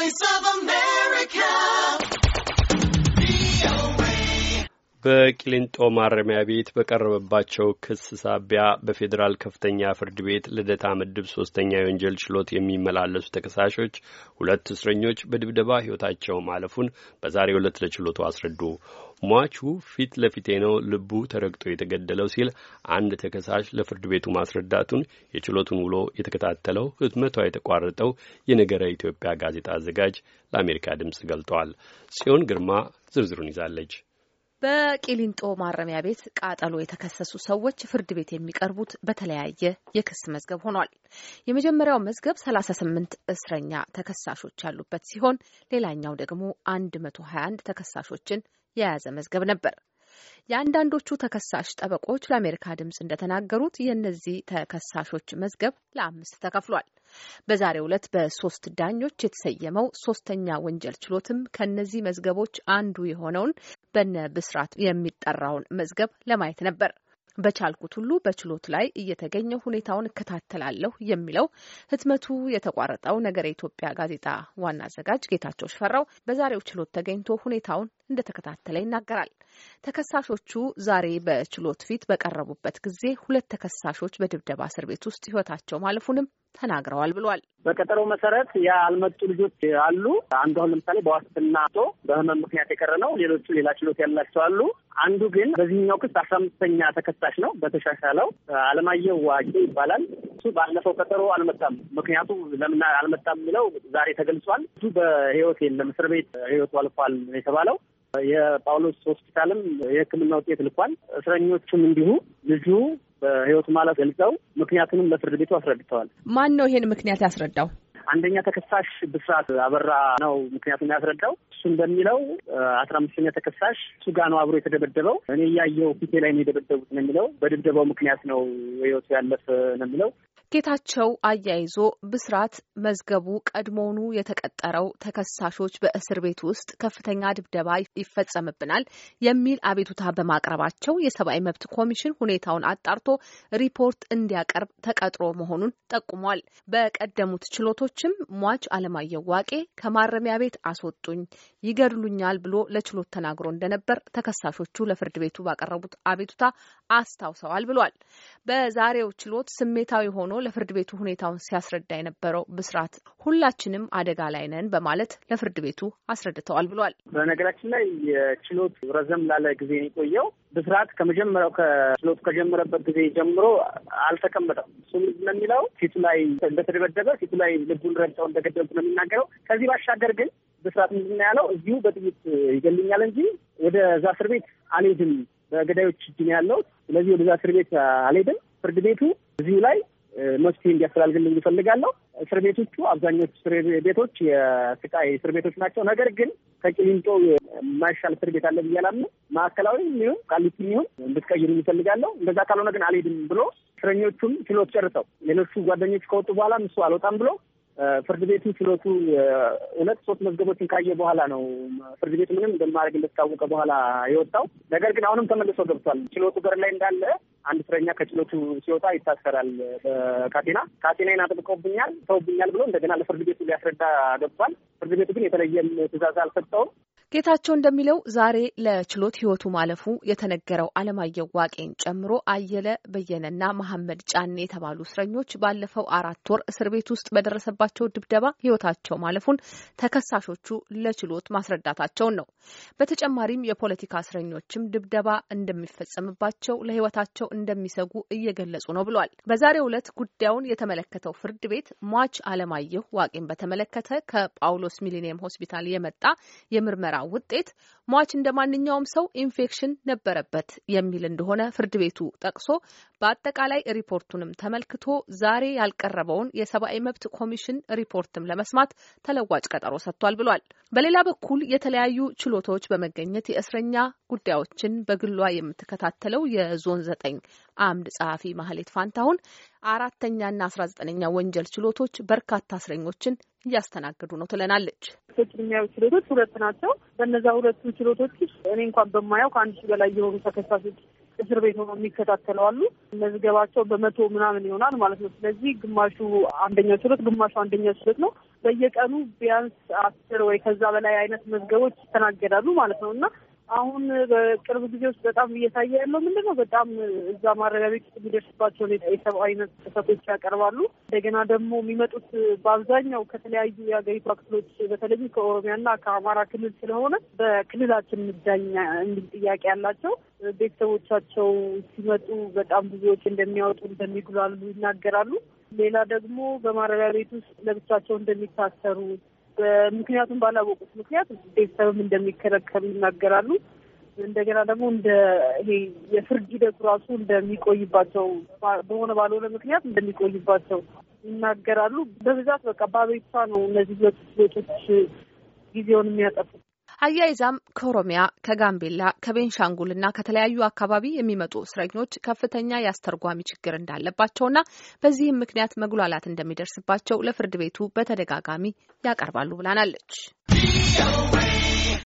Voice of በቂሊንጦ ማረሚያ ቤት በቀረበባቸው ክስ ሳቢያ በፌዴራል ከፍተኛ ፍርድ ቤት ልደታ ምድብ ሶስተኛ የወንጀል ችሎት የሚመላለሱ ተከሳሾች ሁለት እስረኞች በድብደባ ሕይወታቸው ማለፉን በዛሬ ዕለት ለችሎቱ አስረዱ። ሟቹ ፊት ለፊቴ ነው ልቡ ተረግጦ የተገደለው ሲል አንድ ተከሳሽ ለፍርድ ቤቱ ማስረዳቱን የችሎቱን ውሎ የተከታተለው ህትመቷ የተቋረጠው የነገረ ኢትዮጵያ ጋዜጣ አዘጋጅ ለአሜሪካ ድምፅ ገልጠዋል። ጽዮን ግርማ ዝርዝሩን ይዛለች። በቂሊንጦ ማረሚያ ቤት ቃጠሎ የተከሰሱ ሰዎች ፍርድ ቤት የሚቀርቡት በተለያየ የክስ መዝገብ ሆኗል። የመጀመሪያው መዝገብ 38 እስረኛ ተከሳሾች ያሉበት ሲሆን ሌላኛው ደግሞ 121 ተከሳሾችን የያዘ መዝገብ ነበር። የአንዳንዶቹ ተከሳሽ ጠበቆች ለአሜሪካ ድምፅ እንደተናገሩት የእነዚህ ተከሳሾች መዝገብ ለአምስት ተከፍሏል። በዛሬው ዕለት በሶስት ዳኞች የተሰየመው ሶስተኛ ወንጀል ችሎትም ከእነዚህ መዝገቦች አንዱ የሆነውን በነ ብስራት የሚጠራውን መዝገብ ለማየት ነበር። በቻልኩት ሁሉ በችሎት ላይ እየተገኘ ሁኔታውን እከታተላለሁ የሚለው ህትመቱ የተቋረጠው ነገረ ኢትዮጵያ ጋዜጣ ዋና አዘጋጅ ጌታቸው ሽፈራው በዛሬው ችሎት ተገኝቶ ሁኔታውን እንደተከታተለ ይናገራል። ተከሳሾቹ ዛሬ በችሎት ፊት በቀረቡበት ጊዜ ሁለት ተከሳሾች በድብደባ እስር ቤት ውስጥ ሕይወታቸው ማለፉንም ተናግረዋል ብሏል። በቀጠሮ መሰረት ያልመጡ ልጆች አሉ። አንዱ አሁን ለምሳሌ በዋስትና ቶ በህመም ምክንያት የቀረ ነው። ሌሎቹ ሌላ ችሎት ያላቸው አሉ። አንዱ ግን በዚህኛው ክስ አስራ አምስተኛ ተከሳሽ ነው። በተሻሻለው አለማየሁ ዋቂ ይባላል። እሱ ባለፈው ቀጠሮ አልመጣም። ምክንያቱ ለምን አልመጣም የሚለው ዛሬ ተገልጿል። እሱ በህይወት የለም እስር ቤት ህይወቱ አልፏል የተባለው የጳውሎስ ሆስፒታልም የሕክምና ውጤት ልኳል። እስረኞቹም እንዲሁ ልጁ በህይወቱ ማለት ገልጸው ምክንያቱንም ለፍርድ ቤቱ አስረድተዋል። ማን ነው ይሄን ምክንያት ያስረዳው? አንደኛ ተከሳሽ ብስራት አበራ ነው ምክንያቱም ያስረዳው እሱ እንደሚለው አስራ አምስተኛ ተከሳሽ እሱ ጋ ነው አብሮ የተደበደበው። እኔ እያየው ፊቴ ላይ ነው የደበደቡት ነው የሚለው። በድብደባው ምክንያት ነው ህይወቱ ያለፈ ነው የሚለው። ጌታቸው አያይዞ ብስራት መዝገቡ ቀድሞውኑ የተቀጠረው ተከሳሾች በእስር ቤት ውስጥ ከፍተኛ ድብደባ ይፈጸምብናል የሚል አቤቱታ በማቅረባቸው የሰብአዊ መብት ኮሚሽን ሁኔታውን አጣርቶ ሪፖርት እንዲያቀርብ ተቀጥሮ መሆኑን ጠቁሟል። በቀደሙት ችሎቶችም ሟች አለማየሁ ዋቄ ከማረሚያ ቤት አስወጡኝ፣ ይገድሉኛል ብሎ ለችሎት ተናግሮ እንደነበር ተከሳሾቹ ለፍርድ ቤቱ ባቀረቡት አቤቱታ አስታውሰዋል ብሏል። በዛሬው ችሎት ስሜታዊ ሆኖ ለፍርድ ቤቱ ሁኔታውን ሲያስረዳ የነበረው ብስራት ሁላችንም አደጋ ላይ ነን በማለት ለፍርድ ቤቱ አስረድተዋል ብሏል። በነገራችን ላይ የችሎት ረዘም ላለ ጊዜ የቆየው ብስራት ከመጀመሪያው ከችሎት ከጀመረበት ጊዜ ጀምሮ አልተቀመጠም። እሱ ምንድን ነው የሚለው ፊቱ ላይ እንደተደበደበ ፊቱ ላይ ልቡን ረግጠው እንደገደሉት ነው የሚናገረው። ከዚህ ባሻገር ግን ብስራት ምንድን ነው ያለው እዚሁ በጥይት ይገልኛል እንጂ ወደ እዛ እስር ቤት አልሄድም። በገዳዮች እጅ ነው ያለው። ስለዚህ ወደዛ እስር ቤት አልሄድም። ፍርድ ቤቱ እዚሁ ላይ መፍትሄ እንዲያስተላልግልኝ ይፈልጋለሁ። እስር ቤቶቹ አብዛኞቹ እስር ቤቶች የስቃይ እስር ቤቶች ናቸው። ነገር ግን ከቂሊንጦ የማይሻል እስር ቤት አለ ብዬ አላምንም። ማዕከላዊ ይሁን ቃሊቲ ይሁን እንድትቀይሩ ይፈልጋለሁ። እንደዛ ካልሆነ ግን አልሄድም ብሎ እስረኞቹም ችሎት ጨርሰው ሌሎቹ ጓደኞች ከወጡ በኋላ እሱ አልወጣም ብሎ ፍርድ ቤቱ ችሎቱ ሁለት ሶስት መዝገቦችን ካየ በኋላ ነው ፍርድ ቤቱ ምንም እንደማድረግ እንደታወቀ በኋላ የወጣው። ነገር ግን አሁንም ተመልሶ ገብቷል። ችሎቱ በር ላይ እንዳለ አንድ እስረኛ ከችሎቱ ሲወጣ ይታሰራል በካቴና ካቴናዬን አጥብቀውብኛል፣ ተውብኛል ብሎ እንደገና ለፍርድ ቤቱ ሊያስረዳ ገብቷል። ፍርድ ቤቱ ግን የተለየ ትዕዛዝ አልሰጠውም። ጌታቸው እንደሚለው ዛሬ ለችሎት ህይወቱ ማለፉ የተነገረው አለማየሁ ዋቄን ጨምሮ አየለ በየነና መሐመድ ጫኔ የተባሉ እስረኞች ባለፈው አራት ወር እስር ቤት ውስጥ በደረሰባቸው ድብደባ ህይወታቸው ማለፉን ተከሳሾቹ ለችሎት ማስረዳታቸውን ነው። በተጨማሪም የፖለቲካ እስረኞችም ድብደባ እንደሚፈጸምባቸው፣ ለህይወታቸው እንደሚሰጉ እየገለጹ ነው ብሏል። በዛሬው ዕለት ጉዳዩን የተመለከተው ፍርድ ቤት ሟች አለማየሁ ዋቄን በተመለከተ ከጳውሎስ ሚሊኒየም ሆስፒታል የመጣ የምርመራ ውጤት ሟች እንደ ማንኛውም ሰው ኢንፌክሽን ነበረበት የሚል እንደሆነ ፍርድ ቤቱ ጠቅሶ በአጠቃላይ ሪፖርቱንም ተመልክቶ ዛሬ ያልቀረበውን የሰብአዊ መብት ኮሚሽን ሪፖርትም ለመስማት ተለዋጭ ቀጠሮ ሰጥቷል ብሏል። በሌላ በኩል የተለያዩ ችሎቶች በመገኘት የእስረኛ ጉዳዮችን በግሏ የምትከታተለው የዞን ዘጠኝ አምድ ጸሐፊ ማህሌት ፋንታሁን አራተኛና አስራ ዘጠነኛ ወንጀል ችሎቶች በርካታ እስረኞችን እያስተናገዱ ነው ትለናለች። ቶች የሚያዩ ችሎቶች ሁለት ናቸው። በነዛ ሁለቱ ችሎቶች ውስጥ እኔ እንኳን በማየው ከአንድ ሺህ በላይ የሆኑ ተከሳሾች እስር ቤት ሆኖ የሚከታተለ አሉ። መዝገባቸው በመቶ ምናምን ይሆናል ማለት ነው። ስለዚህ ግማሹ አንደኛው ችሎት፣ ግማሹ አንደኛው ችሎት ነው። በየቀኑ ቢያንስ አስር ወይ ከዛ በላይ አይነት መዝገቦች ይስተናገዳሉ ማለት ነው እና አሁን በቅርብ ጊዜ ውስጥ በጣም እየታየ ያለው ምንድን ነው፣ በጣም እዛ ማረቢያ ቤት ውስጥ የሚደርስባቸውን የሰብአዊነት ጥሰቶች ያቀርባሉ። እንደገና ደግሞ የሚመጡት በአብዛኛው ከተለያዩ የሀገሪቷ ክፍሎች በተለይም ከኦሮሚያና ከአማራ ክልል ስለሆነ በክልላችን ምዳኛ የሚል ጥያቄ ያላቸው ቤተሰቦቻቸው ሲመጡ በጣም ብዙዎች እንደሚያወጡ እንደሚጉላሉ ይናገራሉ። ሌላ ደግሞ በማረቢያ ቤት ውስጥ ለብቻቸው እንደሚታሰሩ ምክንያቱም ባላወቁት ምክንያት ቤተሰብም እንደሚከረከሩ ይናገራሉ። እንደገና ደግሞ እንደ ይሄ የፍርድ ሂደቱ ራሱ እንደሚቆይባቸው በሆነ ባልሆነ ምክንያት እንደሚቆይባቸው ይናገራሉ። በብዛት በቃ ባቤቷ ነው እነዚህ ሁለት ሴቶች ጊዜውን የሚያጠፉት። አያይዛም ከኦሮሚያ ከጋምቤላ ከቤንሻንጉልና ከተለያዩ አካባቢ የሚመጡ እስረኞች ከፍተኛ የአስተርጓሚ ችግር እንዳለባቸውና በዚህም ምክንያት መጉላላት እንደሚደርስባቸው ለፍርድ ቤቱ በተደጋጋሚ ያቀርባሉ ብላናለች።